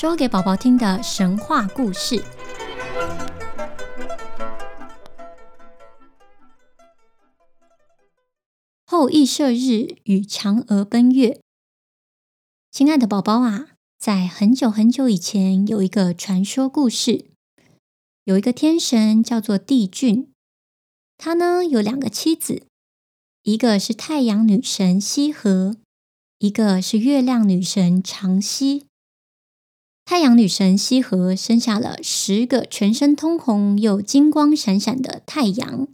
說給寶寶聽的神話故事：后羿射日與嫦娥奔月。親愛的寶寶啊，在很久很久以前，有一個傳說故事，有一個天神叫做帝俊，他呢有兩個妻子，一個是太陽女神羲和，一個是月亮女神嫦曦。太陽女神羲和生下了十個全身通紅又金光閃閃的太陽，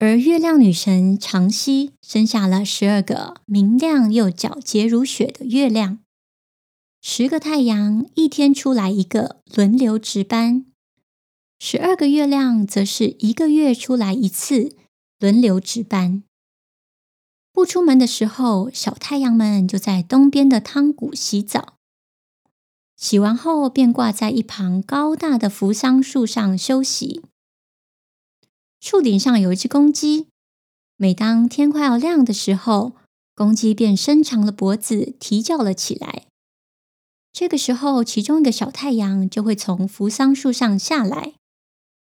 而月亮女神常羲生下了十二個明亮又皎潔如雪的月亮。十個太陽一天出來一個，輪流值班；十二個月亮則是一個月出來一次，輪流值班。不出門的時候，小太陽們就在東邊的湯谷洗澡。洗完後，便掛在一旁高大的扶桑樹上休息。樹頂上有一隻公雞，每當天快要亮的時候，公雞便伸長了脖子啼叫了起來。這個時候，其中一個小太陽就會從扶桑樹上下來，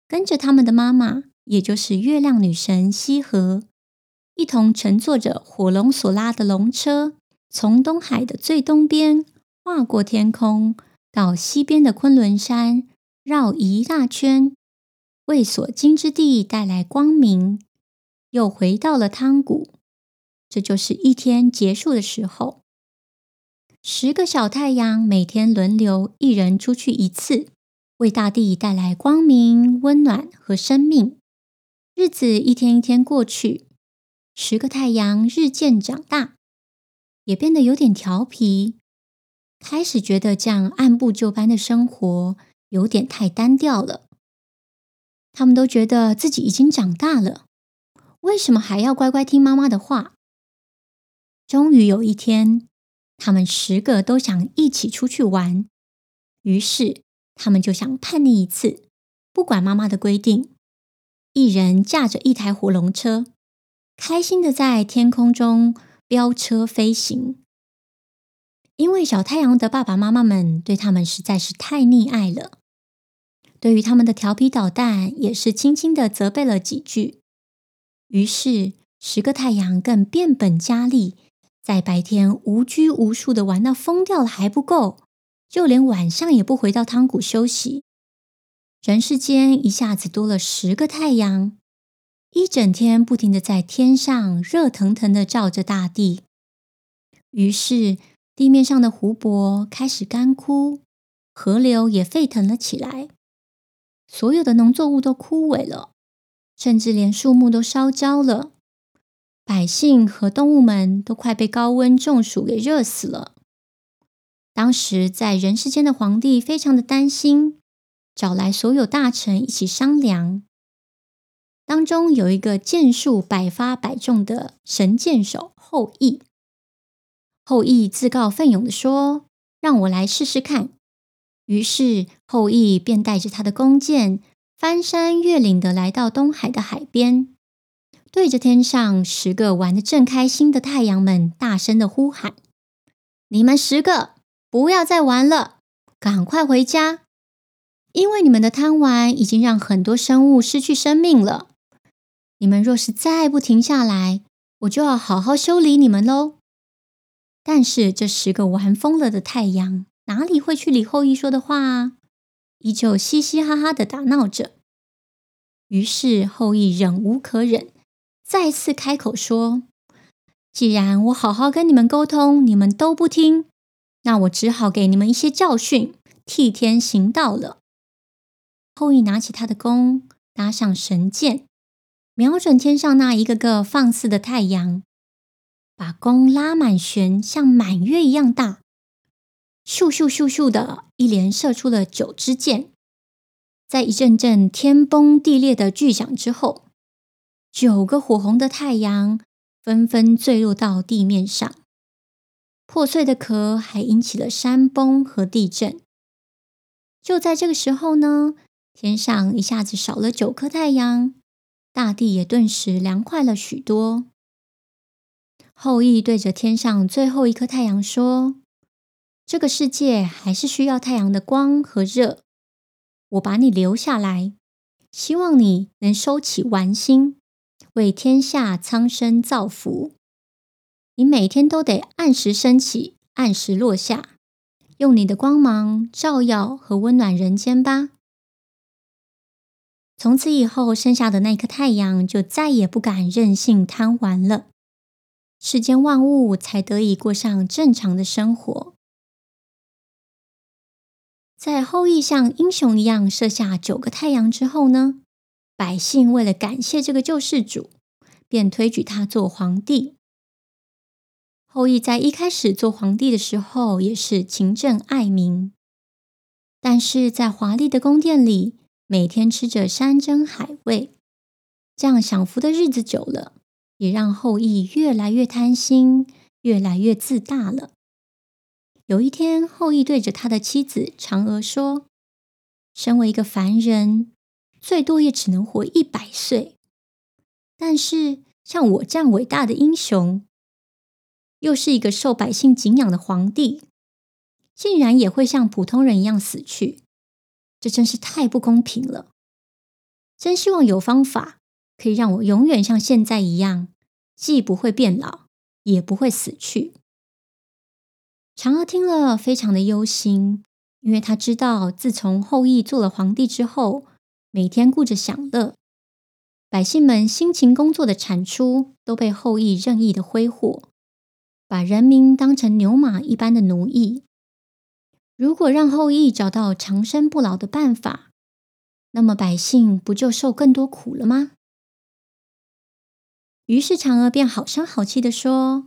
跟着他們的媽媽，也就是月亮女神羲和，一同乘坐着火龍所拉的龍車，從東海的最東邊跨過天空。到西邊的昆崙山繞一大圈，為所經之地帶來光明，又回到了湯谷。這就是一天結束的時候。十個小太陽每天輪流一人出去一次，為大地帶來光明、溫暖和生命。日子一天一天過去，十個太陽日漸長大，也變得有點調皮。開始覺得這樣按部就班的生活有點太單調了。他們都覺得自己已經長大了，為什麼還要乖乖聽媽媽的話？終於有一天，他們十個都想一起出去玩，於是他們就想叛逆一次，不管媽媽的規定，一人駕着一台火龍車，開心的在天空中飆車飛行。因為小太陽的爸爸媽媽們對他們實在是太溺愛了，對於他們的調皮搗蛋也是輕輕的責備了幾句。於是，十個太陽更變本加厲，在白天無拘無束的玩到瘋掉了還不夠，就連晚上也不回到湯谷休息。人世間一下子多了十個太陽，一整天不停地在天上熱騰騰的照着大地。於是……地面上的湖泊開始乾枯，河流也沸騰了起來。所有的農作物都枯萎了，甚至連樹木都燒焦了。百姓和動物們都快被高溫中暑給熱死了。當時在人世間的皇帝非常的擔心，找來所有大臣一起商量。當中有一個箭術百發百中的神箭手后羿。后羿自告奮勇地說：“讓我來試試看。”於是後羿便帶着他的弓箭，翻山越嶺地來到東海的海邊，對着天上十個玩得正開心的太陽們大聲地呼喊：“你們十個，不要再玩了，趕快回家！因為你們的貪玩已經讓很多生物失去生命了。你們若是再不停下來，我就要好好修理你們嘍。”但是這十個玩瘋了的太陽哪裡會去理后羿說的話啊？依舊嘻嘻哈哈的打鬧着。於是後羿忍無可忍，再次開口說：“既然我好好跟你們溝通，你們都不聽，那我只好給你們一些教訓，替天行道了。”后羿拿起他的弓，搭上神箭，瞄準天上那一個個放肆的太陽。把弓拉滿弦，像滿月一樣大，咻咻咻咻的一連射出了九支箭。在一陣陣天崩地裂的巨響之後，九個火紅的太陽紛紛墜落到地面上，破碎的殼還引起了山崩和地震。就在這個時候呢，天上一下子少了九顆太陽，大地也頓時涼快了許多。后羿對着天上最後一顆太陽說：“這個世界還是需要太陽的光和熱，我把你留下來，希望你能收起玩心，為天下蒼生造福。你每天都得按時升起，按時落下，用你的光芒照耀和溫暖人間吧。”從此以後，剩下的那顆太陽就再也不敢任性貪玩了。世間萬物才得以過上正常的生活。在后羿像英雄一樣射下九個太陽之後呢，百姓為了感謝這個救世主，便推舉他做皇帝。後羿在一開始做皇帝的時候，也是勤政愛民，但是在華麗的宮殿裡，每天吃着山珍海味，這樣享福的日子久了。也讓后羿越來越貪心，越來越自大了。有一天，後羿對着他的妻子嫦娥說：“身為一個凡人，最多也只能活一百歲；但是像我這樣偉大的英雄，又是一個受百姓敬仰的皇帝，竟然也會像普通人一樣死去，這真是太不公平了！真希望有方法。”可以讓我永遠像現在一樣，既不會變老，也不會死去。嫦娥聽了，非常的憂心，因為她知道，自從后羿做了皇帝之後，每天顧着享樂，百姓們辛勤工作的產出都被后羿任意的揮霍，把人民當成牛馬一般的奴役。如果讓后羿找到長生不老的辦法，那麼百姓不就受更多苦了嗎？於是，嫦娥便好聲好氣的說：“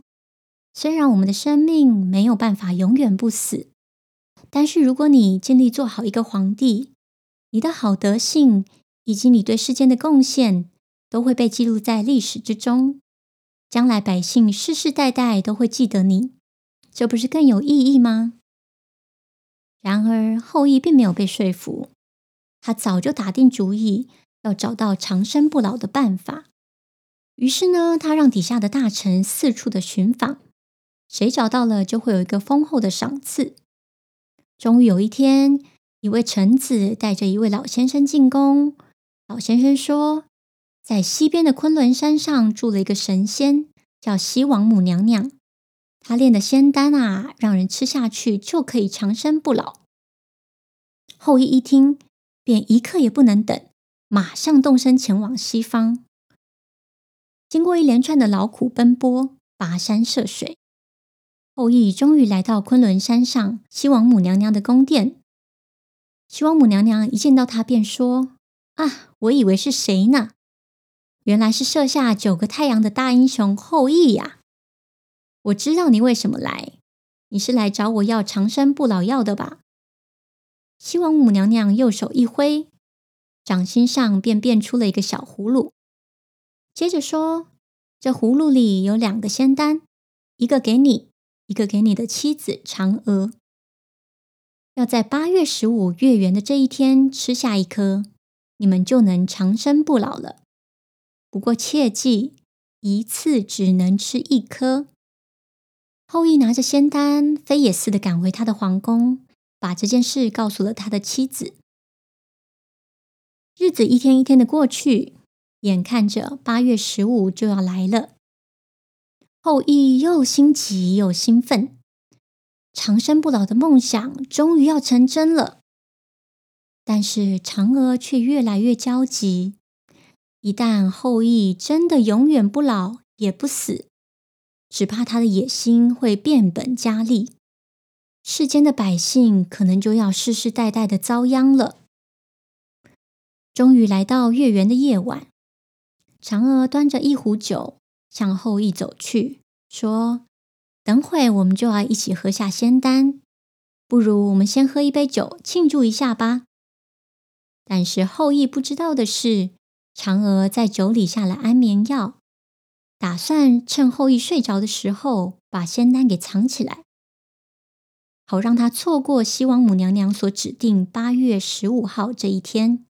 雖然我們的生命沒有辦法永遠不死，但是如果你盡力做好一個皇帝，你的好德性以及你對世間的貢獻，都會被記錄在歷史之中。將來百姓世世代代都會記得你，這不是更有意義嗎？”然而，後羿並沒有被說服，他早就打定主意要找到長生不老的辦法。於是呢，他讓底下的大臣四處的尋訪，誰找到了就會有一個豐厚的賞賜。終於有一天，一位臣子帶着一位老先生進宮，老先生說，在西邊的昆崙山上住了一個神仙，叫西王母娘娘，她煉的仙丹啊，讓人吃下去就可以長生不老。後羿一聽，便一刻也不能等，馬上動身前往西方。經過一連串的勞苦奔波、跋山涉水，後羿終於來到崑崙山上，西王母娘娘的宮殿。西王母娘娘一見到他，便說：“啊，我以為是誰呢？原來是射下九個太陽的大英雄后羿呀、啊！我知道你為什麼來，你是來找我要長生不老藥的吧？”西王母娘娘右手一揮，掌心上便變出了一個小葫蘆。接着說，這葫蘆裡有兩個仙丹，一個給你，一個給你的妻子嫦娥。要在八月十五月圓的這一天吃下一顆，你們就能長生不老了。不過切記，一次只能吃一顆。後羿拿着仙丹，飛也似的趕回他的皇宮，把這件事告訴了他的妻子。日子一天一天的過去。眼看着八月十五就要來了，後羿又心急又興奮，長生不老的夢想終於要成真了。但是嫦娥卻越來越焦急，一旦后羿真的永遠不老，也不死，只怕他的野心會變本加厲，世間的百姓可能就要世世代代的遭殃了。終於來到月圓的夜晚。嫦娥端着一壺酒向后羿走去，說：“等會我們就要一起喝下仙丹，不如我們先喝一杯酒慶祝一下吧。”但是後羿不知道的是，嫦娥在酒裡下了安眠藥，打算趁后羿睡着的時候把仙丹給藏起來，好讓他錯過西王母娘娘所指定八月十五號這一天。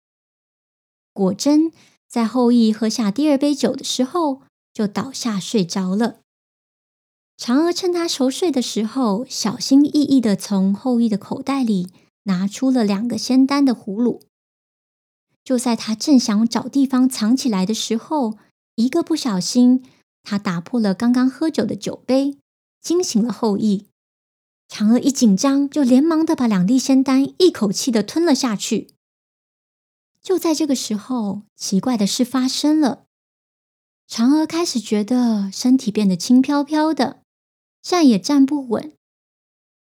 果真。在后羿喝下第二杯酒的時候，就倒下睡着了。嫦娥趁他熟睡的時候，小心翼翼的從后羿的口袋裡拿出了兩個仙丹的葫蘆。就在他正想找地方藏起來的時候，一個不小心，他打破了剛剛喝酒的酒杯，驚醒了後羿。嫦娥一緊張，就連忙的把兩粒仙丹一口氣的吞了下去。就在這個時候，奇怪的事發生了。嫦娥開始覺得身體變得輕飄飄的，站也站不穩，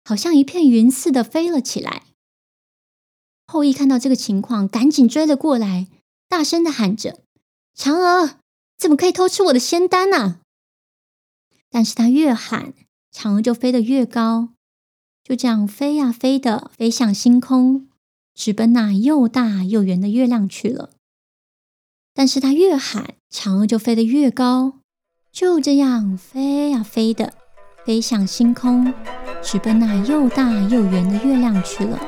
好像一片雲似的飛了起來。後羿看到這個情況，趕緊追了過來，大聲的喊着：“嫦娥，怎麼可以偷吃我的仙丹啊？”但是他越喊，嫦娥就飛得越高，就這樣飛呀飛的，飛向星空，直奔那又大又圓的月亮去了。但是他越喊，嫦娥就飛得越高。就這樣飛呀、啊、飛的，飛向星空，直奔那又大又圓的月亮去了。